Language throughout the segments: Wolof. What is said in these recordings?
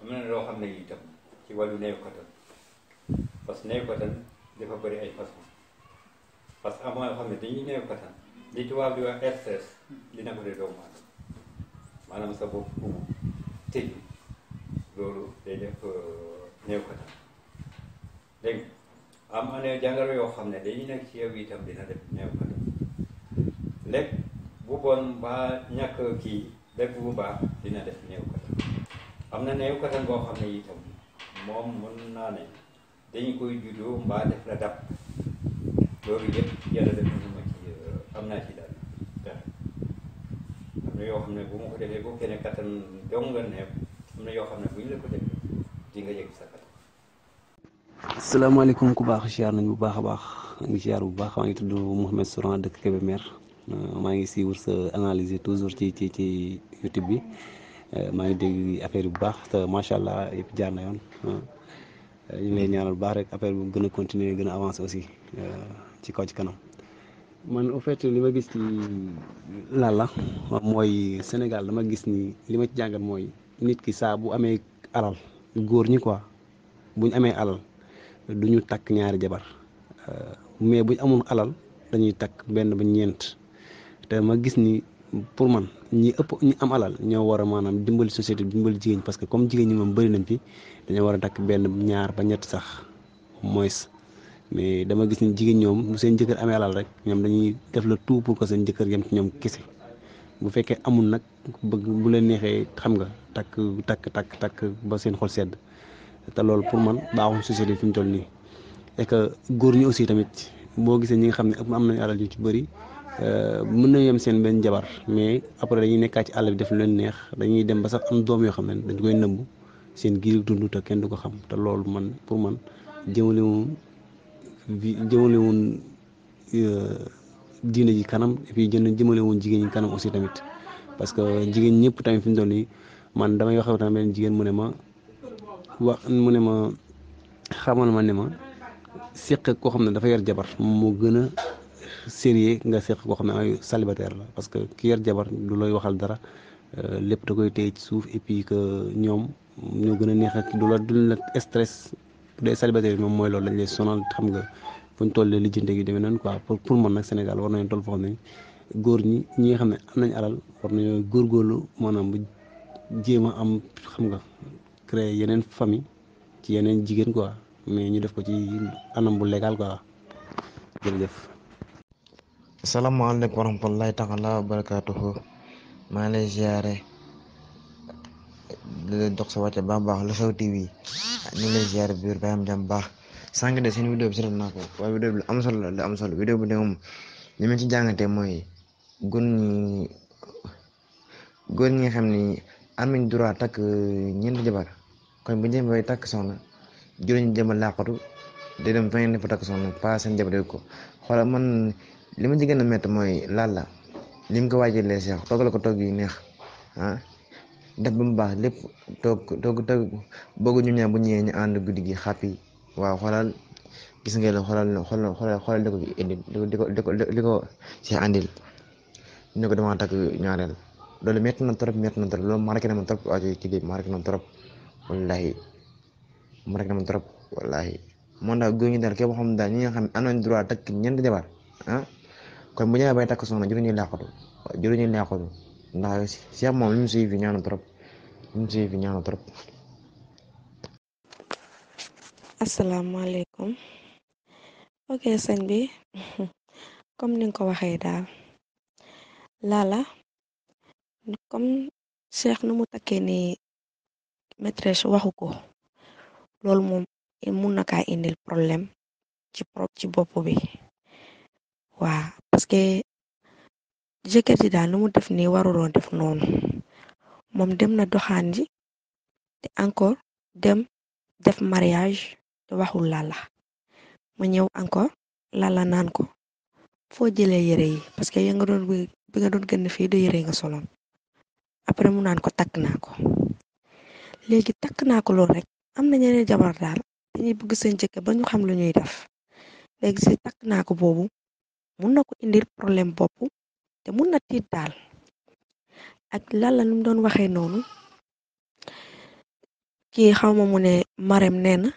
am na loo xam ne itam ci wàllu néew kattan parce que néew kattan dafa bëri ay façon parce que am na yoo xam ne dañuy néew kattan li di wax stress dina ko dee doomu aadama maanaam loolu day def euh, néew kattan dégg am na jàngoro yoo xam ne dañuy nekk ci yow itam dina def néew kattan lekk bu bon ba ñàkk kii lekk bu baax dina def néew kattan am na néew katan boo xam ne itam moom mën naa ne dañu koy juddoo mbaa def la dab loolu yëpp yàlla def na ma ci euh, am naa ci daal na yoo xam ne bu ma ko defee boo kenn kattan dong nga neex am na yoo xam ne bu la ko defee di nga yëg sa kattan. asalaamaaleykum ku baax ziar nañ bu baax a baax ngi ziar bu baax maa ngi tudd Mouhamed Souran dëkk Kébémer euh, maa ngi siiwur sa analyse toujours ci ci ci YouTube bi. Euh, maa ngi dégg affaire bu baax te macha allah yëpp jaar na yoon euh, ñu lay ñaanal bu baax rek affaire bu gën a continuer gën a avancer aussi euh, ci kaw ci kanam. man au fait li ma gis ci Lalla mooy Sénégal dama gis ni li ma ci jàngat mooy nit ki saa bu amee alal góor ñi quoi buñ amee alal du ñu takk ñaari jabar mais buñ amul alal dañuy takk benn ba ñeent te ma gis ni. pour man ñi ëpp ñi am alal ñoo war a maanaam dimbali société dimbali jigéen parce que comme jigéen ñi moom bëri nañ fi dañoo war a takk benn ñaar ba ñett sax moins mais dama gis ni jigéen ñoom mu seen jëkkër amee alal rek ñoom dañuy def la tout pour que seen jëkkër yem ci ñoom kese bu fekkee amul nag bëgg bu leen neexee xam nga takk takk takk takk ba seen xol sedd te loolu pour man baaxul société fi mu toll nii et que góor ñi aussi tamit boo gisee ñi nga xam ne am nañ alal yu ci bëri. Euh, mën na yem seen benn jabar mais après dañuy nekkaat ci àll bi def lu leen neex dañuy dem ba sax am doom yoo xam ne dañ koy nëbb seen giir dund te kenn du ko xam te loolu man pour man jëmale woon bi jëmale woon euh, diine ji kanam et puis jën jëmale woon jigéen ñi kanam aussi tamit parce que jigéen ñëpp tamit fi mu toll nii man damay wax tamit benn jigéen mu ne ma wax mu ne ma xamal ma ne ma seq koo xam ne dafa yar jabar moo gën a sérieux nga seq koo xam ne ay célibataire la parce que kii yor jabar du lay waxal dara euh, lépp da koy téye ci suuf et puis ñoom ñoo gën a neex ak du la dul la stress bu dee célibataire bi moom mooy loolu dañ lay sonal xam nga fu ñu tollee lijjante gi demee noonu quoi pour pour man nag Sénégal war nañ toll foo xam ne góor ñi ñi nga xam ne am nañ alal war góor góorlu maanaam bu jéem a am xam nga créer yeneen famille ci yeneen jigéen quoi mais ñu def ko ci anam bu légal quoi jërëjëf salaamaaleykum wa rahmatulahi taala wa barakaatuhu maa ngi lay ziare di leen dox sa wàcce baax la Lu Xew TV ñu ngi lay ziare biir ba am jàmm baax sànq de seen vidéo bi seetal naa ko waaye vidéo bi lu am solo la lu am solo vidéo bi de moom li ma ci jàngatee mooy góor ñi góor ñi nga xam ni am nañ droit takk euh, ñeenti jabar kon bu ñu demee bay takk soxna juróomi jabar laqatu day dem feneen fa takk soxna pas ko li ma ci gën a métti mooy Lalla ni mu ko waajalee Cheikh toggal ko togg yu neex ah def ba mu baax lépp toog togg togg bëggu ñu ñaar bu ñëwee ñu ànd guddi gi xàppi waaw xoolal gis nga la xoolal xoolal xoolal xoolal di ko indi di ko di di ko Cheikh andil ñu ko dama takk ñaareel loolu métti na trop métti na trop loolu marqué na ma trop waa ci biir marqué na ma trop wallaahi marqué na ma trop wallaahi moo tax góor ñi daal képp xam daal ñi nga xam ne am nañ droit takk ñeenti jabar ah, kon bu ñëwee bay takk soxna juróñuy làqatu juróñuy làqatu ndax Cheikh moom li mu suy fi ñaaw trop li mu ok sëñ bi comme ni nga ko waxee daal laala comme Cheikh nu mu takkee ni maîtresse waxu ko loolu moom mun na kaa indil problème ci pro ci waaw parce que jëkkër ji daal nu mu def nii waruloon def noonu moom dem na doxaan ji te encore dem def mariage te waxul lala mu ñëw encore lala naan ko foo jëlee yére yi parce que ya nga doon bi nga doon gën fii du yére nga soloon après mu naan ko takk naa ko léegi takk naa ko loolu rek am na ñeneen jabar daal dañuy bëgg seen jëkkër ba ñu xam lu ñuy def léegi si takk naa ko boobu mun na ko indi problème bopp te mun na tiit daal ak lalla nu doon waxee noonu kii xawma mu ne mareem nee na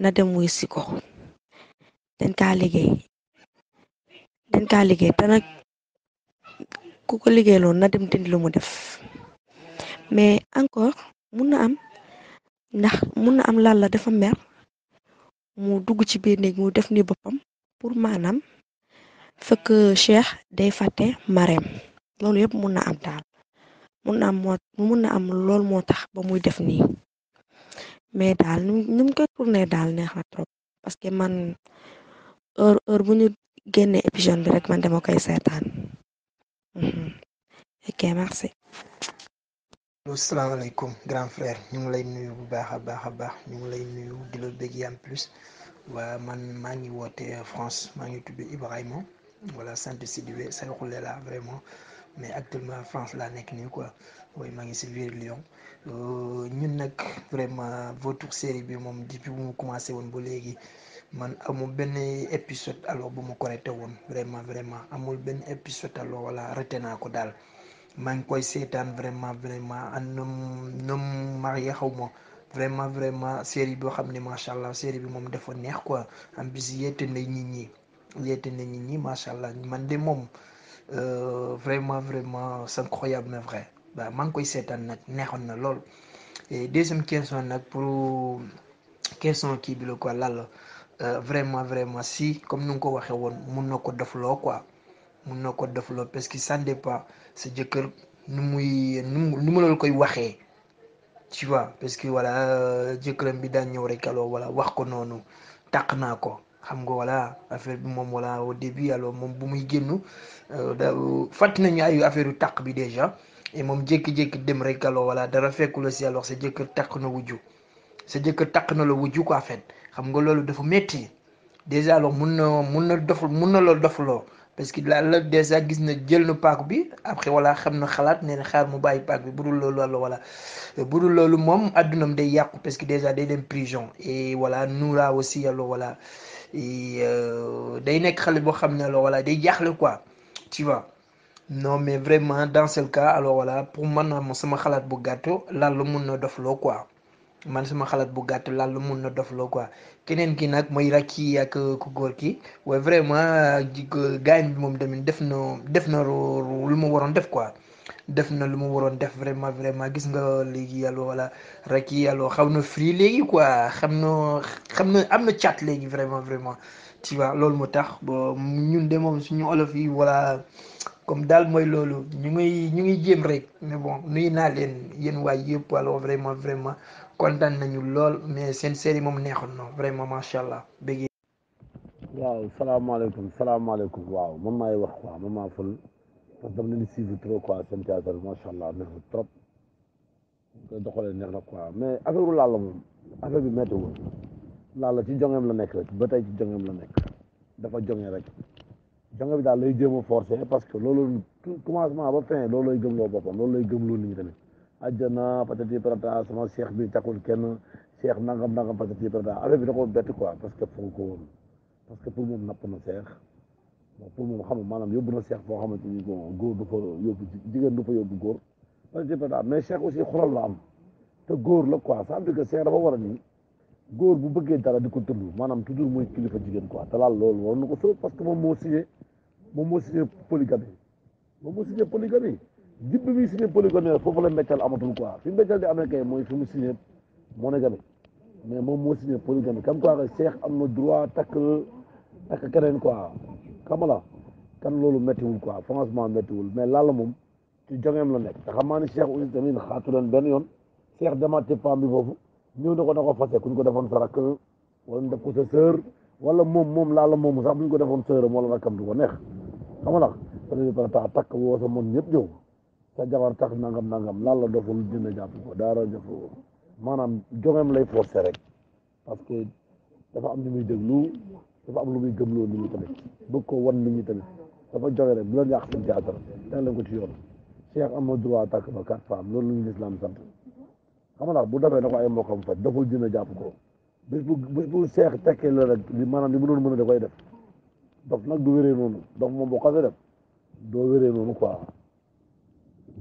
na dem wuy siko ko den kaa liggéey den kaa liggéey te nag ku ko liggéey loonu na dem dindi lu mu def mais encore mun na am ndax mun na am lalla dafa mer mu dugg ci biir néeg mu def ni boppam pour maanaam fekk Cheikh day fàtte Marème loolu yëpp mun na am daal mun na am moo mun na am lool moo tax ba muy def nii mais daal nu mu koy tourné daal neex na trop parce que man heure heure bu ñu génnee épisode bi rek man dema koy seetaan mhm. ok merci. salaamaaleykum grand frère ñu ngi lay nuyu bu baax a baax a baax ñu ngi lay nuyu di la bëgg en plus waa man maa ngi woote France maa ngi tudd Ibrahima. wala sant Sidibé Sayoxule la vraiment mais actuellement France laa nekk nii quoi waaye maa ngi si biir Lyon euh, ñun nag vraiment votre série bi moom depuis bu mu commencé woon ba léegi man amul benn épisode alors bu mu correcté woon vraiment vraiment amul benn épisode alors wala raté naa ko daal maa ngi koy seetaan vraiment vraiment an nom nom maria xaw ma vraiment vraiment série boo xam ne macha allah série bi moom dafa neex quoi am bis yeete nday ñi yeete na nit ñi macha allah man de moom euh, vraiment vraiment c'est incroyable mais vrai waaw maa ngi koy seetaan nag neexoon na lool et deuxième question nag pour question kii bi la quoi lalla euh, vraiment vraiment si comme ni nga ko waxee woon mun na ko defuloo quoi mun na ko defuloo parce que ça dépend sa jëkkër nu muy nu nu mu la koy waxee tu vois parce que voilà euh, jëkkëram bi daal ñëw rek alors voilà wax ko noonu taq naa ko xam nga voilà affaire bi moom voilà au début alors moom bu muy génn euh, da euh, fàtt nañu ay affaire yu tàq bi déjà et moom jékki-jékki dem rek alors voilà dara fekku si alors sa jëkkër tàq na wujju sa jëkkër tàq na la wujju quoi fait xam nga loolu dafa métti déjà alors mun na mun na dof mun na la dofloo parce que la la déjà gis na jël na paak bi après voilà xam na xalaat nee na xaar mu bàyyi paak bi budul loolu alors voilà budul loolu moom addunam day yàqu parce que déjà day dem prison et voilà Noura aussi alors voilà. Euh, day nekk xale boo xam ne alors voilà day jaaxle quoi tu vois non mais vraiment dans ce cas alors voilà pour man ma sama xalaat bu gàtt lal lu mun na dofloo quoi man sama xalaat bu gàtt laal lu mun na dofloo quoi keneen ki nag mooy rakk yi ak euh, ku góor ki waaye vraiment euh, gaañ bi moom tamit def na def na lu mu waroon def quoi. def na lu mu waroon def vraiment vraiment gis nga léegi yàlla wala rek yàlla xam na free léegi quoi xam na xam na am na chat léegi vraiment vraiment tu waa loolu moo tax bon ñun de moom suñu olof yi voilà comme daal mooy loolu ñu ngi ñu ngi jéem rek mais bon nuyu naa leen yéen waay yëpp alors vraiment vraiment kontaan nañu lool mais seen série moom neexoon na vraiment macha allah bëggee waaw salaamaaleykum salaamaaleykum waaw moom maay wax waaw man maa ful parce que dama leen suivre trop quoi seen théâtre macha allah neex na trop nga doxalee neex na quoi mais affaire u Lalla moom affaire bi méttiwul Lalla ci jongeem la nekk rek ba tey ci jongeem la nekk dafa jonge rek jonge bi daal lay jéem a forcé parce que loolu commencement ba fin loolu lay gëmloo boppam loolu lay gëmloo nit ñi tamit ajjana patati patata sama cheikh bi taxul kenn cheikh nangam nangam patati a affaire bi da ko bett quoi parce que fonk ko woon parce que pour moom napp bon pour moom xam maanaam yóbbu na Cheikh foo xamante ni bon góor du fa yóbbu jigéen du fa yóbbu góor man je mais Cheikh aussi la am te góor la quoi ça veut dire que Cheikh dafa war a nii góor bu bëggee dara di ko tëdd maanaam toujours muy kilifa jigéen quoi te laal loolu waroon na ko sori parce que moom moo signé moom moo signé polygamie moom moo signé polygamie jib bi muy signé polygamie foofu la mbéccal amatul quoi fi mbéccal di amee kay mooy fi mu mais moom moo signé polygamie comme quoi que Cheikh am na droit takk takk keneen quoi. xamala kan loolu méttiwul quoi franchement méttiwul mais la moom ci jongeem la nekk te xam maa ne Cheikh aussi tamit xaatu leen benn yoon Cheikh demaate pam bi foofu ñëw na ko na ko fase kuñ ko defoon sa rakk wala ñu def ko sa wala moom moom Lalla moomu sax buñ ko defoon sœuram wala rakkam du ko neex xamala pare par ta takk woo sa moom ñëpp ñëw sa jabar tax nangam nangam la doful dina jàpp ko daara jëf maanaam jongeem lay forcé rek parce que dafa am ni muy déglu dafa am lu muy gëmloo nit ñi tamit bëgg ko wan nit ñi tamit dafa joxe rek bu leen yàq seen théâtre teg leen ko ci yoon Cheikh am na droit tàkk ba quatre femmes loolu lu ñu lislaam sant xam nga bu defee na ko ay mbokkam faj daful dina jàpp ko bés bu bés bu Cheikh tekkee loolu rek li maanaam li mu doon mën a da koy def dof nag du wéree noonu dof moom boo xasee def doo wéree noonu quoi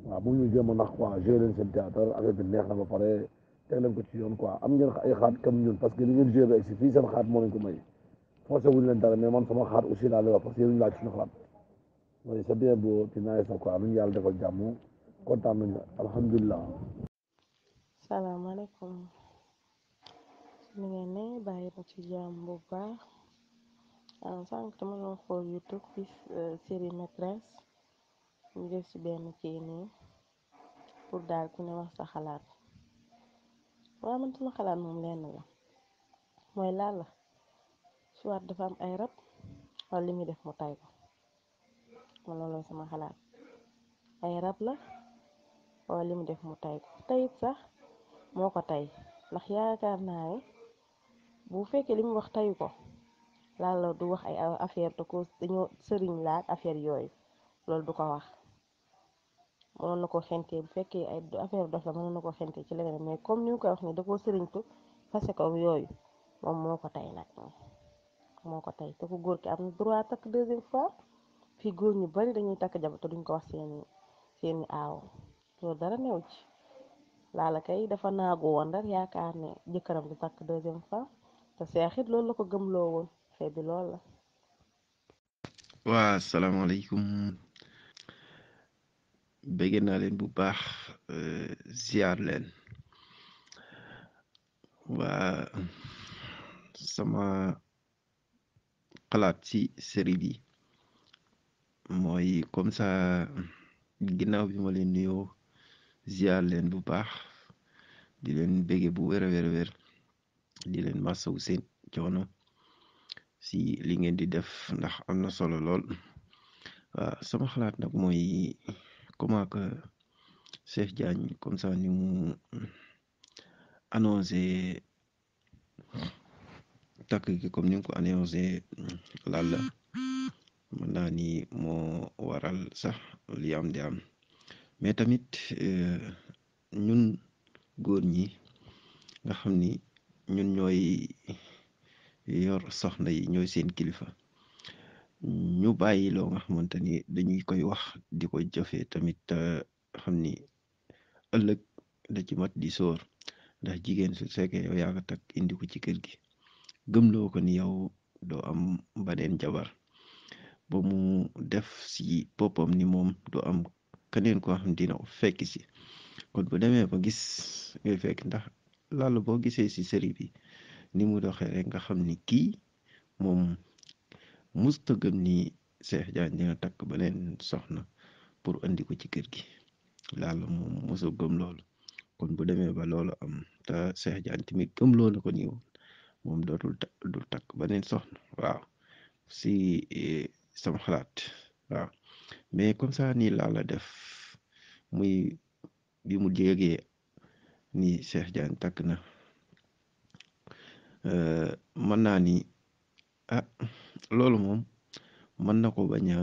waaw bu ñu jéem a nax quoi joué leen seen théâtre affaire bi neex na ba pare teg leen ko ci yoon quoi am ngeen ay xaat kam ñun parce que li ngeen joué ba egsi fii seen xaat moo lañ ko may forcé wuñ leen dara mais man sama xaar aussi laa lay wax parce que yéen ñu laaj suñu xalaat mooy c'est bien beau ci naaj sax quoi nuñu yàlla defal jàmm kontaan nañu alhamdulilah. ngi ne bàyyi na ci jàmm bu baax sànq dama doon xool YouTube fi série maîtresse ñu def ci benn kii pour daal ku ne wax sa xalaat waaw man sama xalaat moom lenn la mooy laal la. soit dafa am ay rab wala li muy def mu tay ko man xalaat ay rab la li mu def mu tay ko tayit sax moo ko tay ndax yaakaar naa ne bu fekkee li mu wax tayu ko laal la du wax ay affaire da ko dañoo sëriñ laak affaire yooyu loolu du ko wax mënoon na ko xente bu fekkee ay affaire dof la mënoon na ko xentee ci leneen mais comme ni ko koy wax ni da koo sëriñtu fase ko yooyu moom moo ko tay nag moo ko tey te ku góor ki am na droit takk deuxième fois fii góor ñu bari dañuy takk jabar duñ ko wax seeni seeni aaw loolu dara new ci laala kay dafa naagu woon rek yaakaar ne jëkkëram du takk deuxième fois te seexit loolu la ko gëmloo woon fee lool la waa asalaamaaleykum bëgg leen bu baax euh, ziar leen waa sama xalaat si série bi mooy comme ça ginnaaw bi ma leen nuyoo ziar leen bu baax di leen bége bu wér a wér di leen masawu seen coono si li ngeen di def ndax am na solo lool waaw sama xalaat nag mooy comment que Cheikh Diagne comme ça takk gi comme ni nga ko annoncé mm, laal la mën naa ni moo waral sax li am di am mais tamit euh, ñun góor ñi nga xam ni ñun ñooy yor soxna yi ñooy seen kilifa ñu bàyyi loo nga xamante ni dañuy koy wax di ko jëfee tamit xam ni ëllëg da ci mat di soor ndax jigéen su fekkee yow yaa ko takk ci kër gi gëmloo ko ni yow doo am baneen jabar ba mu def si boppam ni moom doo am keneen koo xam dina fekk si kon bu demee ba gis ngay fekk ndax lalla boo gisee si série bi ni mu doxee rek nga xam ni kii moom musta gëm ni Cheikh Diagne dina takk beneen soxna pour andi ko ci kër gi lalla moom musa gëm loolu kon bu demee ba loolu am te Cheikh Diagne tamit gëm loolu ko nii moom dootul takk dul takk beneen soxna waaw si eh, sama xalaat waaw mais comme ça nii laala def muy bi mu jégee ni Cheikh Diagne takk na euh, mën naa ni ah loolu moom mën na ko bañ a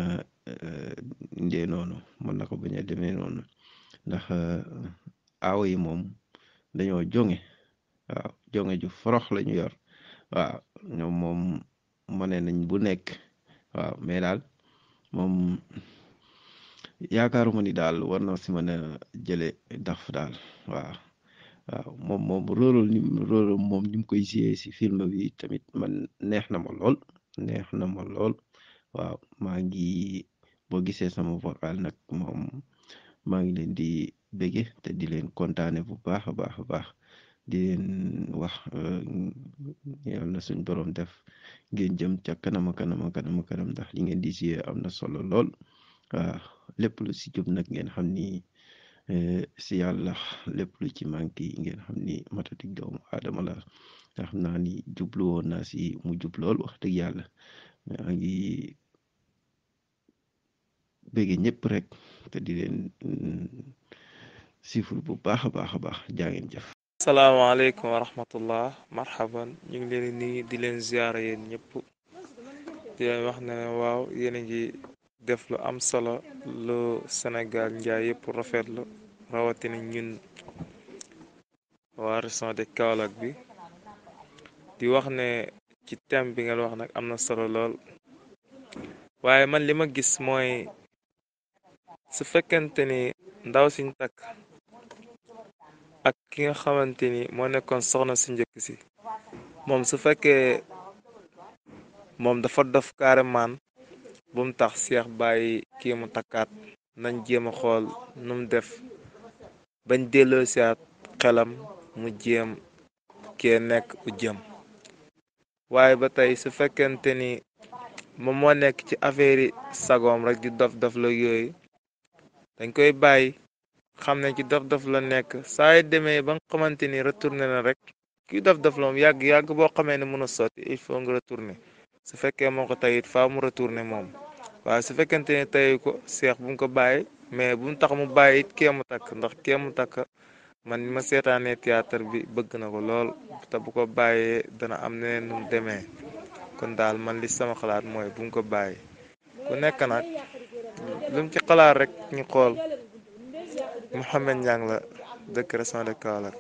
ndee euh, noonu mën na ko bañ a demee noonu ndax euh, yi moom dañoo jonge waaw jonge ju forox la ñu yor waaw ñoom moom mane nañ bu nekk waaw mais daal moom yaakaaruma ni daal war na si ma ne jële daf daal waaw moom moom rôle moom ni koy joué si film bi tamit ma neex na ma lool neex na ma lool waaw maa ngi boo gisee sama vocal nag moom maa ngi leen di bëgge te di leen kontaane bu baax a baax a baax di leen wax euh, yàlla na suñ borom def ngeen jëm ca kanama kanama kanama kanam ndax li ngeen di siyee am na solo lool waaw ah, lépp lu si jub nag ngeen xam ni euh, si yàlla lépp lu ci manqué ngeen xam ni matatik doomu aadama la nga xam naa ni jublu woon naa si mu jub lool wax dëgg yàlla maa ngi bëgge ñëpp rek te di leen mm, sifur bu baax a baax a baax jaa ngeen salaamaaleykum wa rahmatullah marhaban ñu ngi leen ni di leen ziyaara yéen ñëpp di leen wax ne waaw yéen a ngi def lu am solo lu Sénégal njaay yëpp rafetlu rawatina ñun waa région de Kaolack bi di wax ne ci thème bi nga wax nag am na solo lool waaye man li ma gis mooy su fekkente ni ndaw siñ takk ak ki nga xamante ni moo nekkoon soxna su njëkk si moom su fekkee moom dafa dof carrément bu tax seex bàyyi kii mu takkaat nañ jéem a xool nu def bañ delloo siaat xelam mu jéem kee nekk u jëm waaye ba tey su fekkente ni moom moo nekk ci affaire yi sagoom rek di dof dof la yooyu dañ koy bàyyi xam ne ci dof-dof la nekk saa yi demee ba nga xamante ni retourné na rek ki daf daf la moom yàgg yàgg boo xamee ne mën a sotti il faut nga retourné su fekkee moom ko tey it mu retourné moom waaye su fekkente ne tey ko seex bu mu ko bàyyi mais bu tax mu bàyyi it mu takk ndax kee mu takk man ni ma seetaanee théâtre bi bëgg na ko lool te bu ko bàyyee dana am neneen nu demee kon daal man li sama xalaat mooy bu ko bàyyi nekk nag lu ci xalaat rek ñu xool. Mouhamed Niang la dëkk région de Kaolack